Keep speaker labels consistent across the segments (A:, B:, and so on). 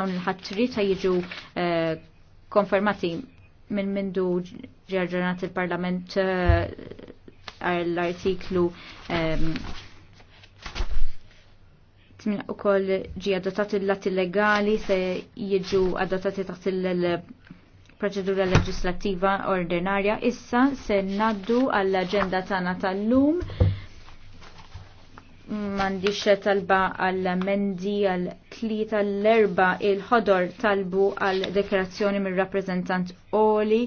A: dawn il-ħattri ta' jiġu eh, konfermati minn mindu ġerġanat il-Parlament eh, l-artiklu ehm, u koll ġi adottat il-lati legali se jiġu adottati taħt il-proċedura leġislativa ordinarja. Issa se naddu għall-agenda tana tal-lum mandiċ talba għall-mendi għall tlita l-erba il-ħodor talbu għal dekorazzjoni mir rappreżentant Oli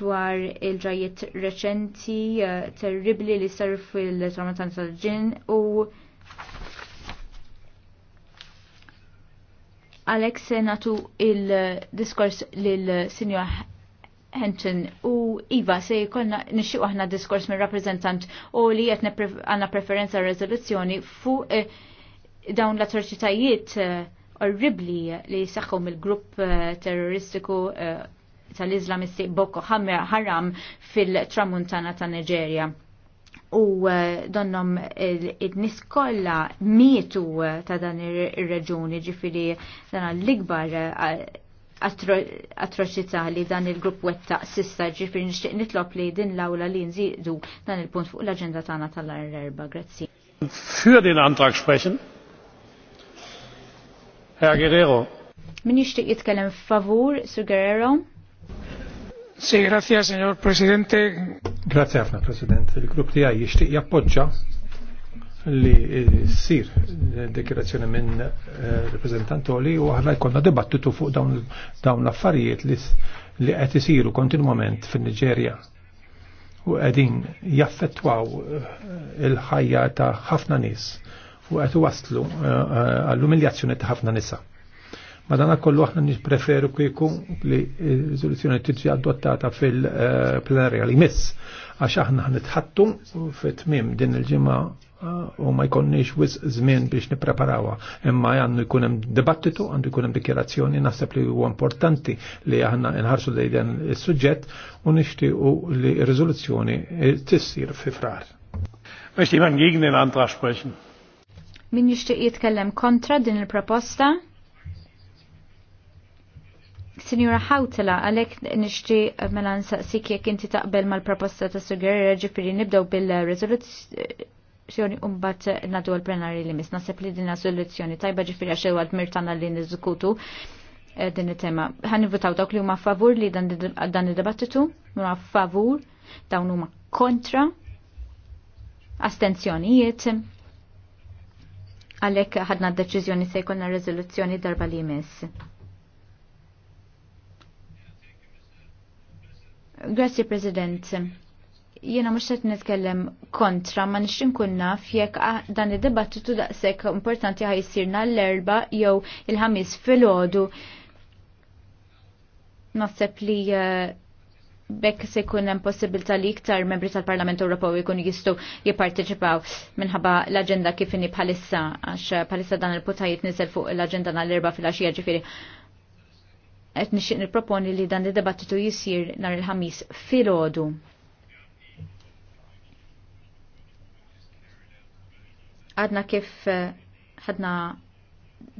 A: dwar il-ġajiet reċenti eh, terribli li sar fil tramatan tal-ġin u Alex natu il-diskors lil-Sinjor Henton u Iva se jkollna nixxieq aħna diskors mir rappreżentant Oli qed għandna preferenza rezoluzzjoni fuq eh, dawn l-atroċitajiet eh, orribli li saħħu mill-grupp eh, terroristiku eh, tal-Islamisti Boko Haram fil-tramuntana ta' Nigeria. U donnom id-nis kolla mietu ta' dan ir-reġuni ġifiri dan l-ikbar atroċità li dan il-grupp wetta sissa ġifiri nixtieq nitlob li din l-awla li nżidu dan il-punt fuq l-aġenda tagħna tal-erba. Grazzi.
B: Für den Antrag sprechen. Herr Guerrero.
A: Min jixtieq jitkellem favur, Sir Guerrero. Sì, grazie, signor
B: Presidente. Grazie, ħafna, President. Il-grupp tiegħi jixtieq jappoġġa li sir dekirazzjoni minn eh, reprezentantoli u aħna jkollna dibattitu fuq dawn l-affarijiet li qed isiru kontinwament fin-Niġerja u qegħdin jaffettwaw eh, il-ħajja ta' ħafna nies u għet waslu eh, eh, għall-umiljazzjoni ta' ħafna nisa. Madana kollu aħna nippreferu kieku li rizoluzzjoni tiġi adottata fil-plenarja li miss, għax aħna ħnitħattu fit-tmim din il-ġimgħa eh, u ma jkonniex wis żmien biex nippreparawa. Imma għandu jkun hemm dibattitu, għandu jkun hemm dikjerazzjoni, naħseb li huwa importanti li aħna nħarsu lejden is-suġġett u nixtiequ li r-riżoluzzjoni tissir fi frar. Möchte man gegen den Antrag
A: sprechen? Min jixtieq jitkellem kontra din il-proposta? Signora Hautela, għalek nishti eh, mela nsaqsik jekk inti taqbel mal-proposta ta' Sugerira ġifiri nibdew bil-rezoluzzjoni umbat nadu għal-plenari li misna Nasib li din soluzzjoni tajba ġifiri għaxe għal-mirtana li nizzukutu eh, din it-tema. Għan votaw dawk li huma favur li dan id debattitu huma favur, dawn huma kontra, astenzjonijiet għalhekk ħadna d-deċiżjoni se jkollna riżoluzzjoni darba li jmiss. Grazzi President. Jiena mhux qed nitkellem kontra ma nix inkun naf jekk dan id-dibattitu daqshekk importanti ħajsirna l-erba jew il-ħamis filgħodu. Naħseb li uh, bekk se jkun hemm possibilità li iktar membri tal-Parlament Ewropew jkun jistgħu jipparteċipaw minħabba l-aġenda kif inhi bħalissa għax bħalissa dan il-putajiet nisel fuq l-aġenda nal-erba' fil-għaxija ġifieri. Qed nixtieq nipproponi li dan id-dibattitu jisir nhar il-ħamis filgħodu. Għadna kif eh, ħadna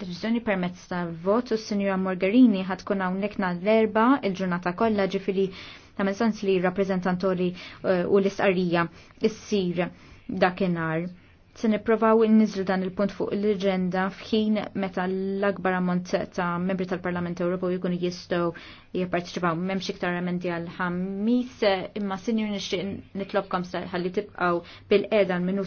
A: deċiżjoni permezz tal-vot u s-Sinjura Morgarini tkun hawnhekk l-erba il-ġurnata kollha ġifieri ta' sens li rappreżentantori eh, u l-isqarrija issir dakinhar. Se nipprovaw inniżlu dan il-punt fuq l-ġenda f'ħin meta l-akbar ammont ta' membri tal-Parlament Ewropew jkunu jistgħu jipparteċipaw m'hemmx iktar emendi għal ħammis imma sinjur nixtieq nitlobkom ħalli tibqgħu bil-qeda minuti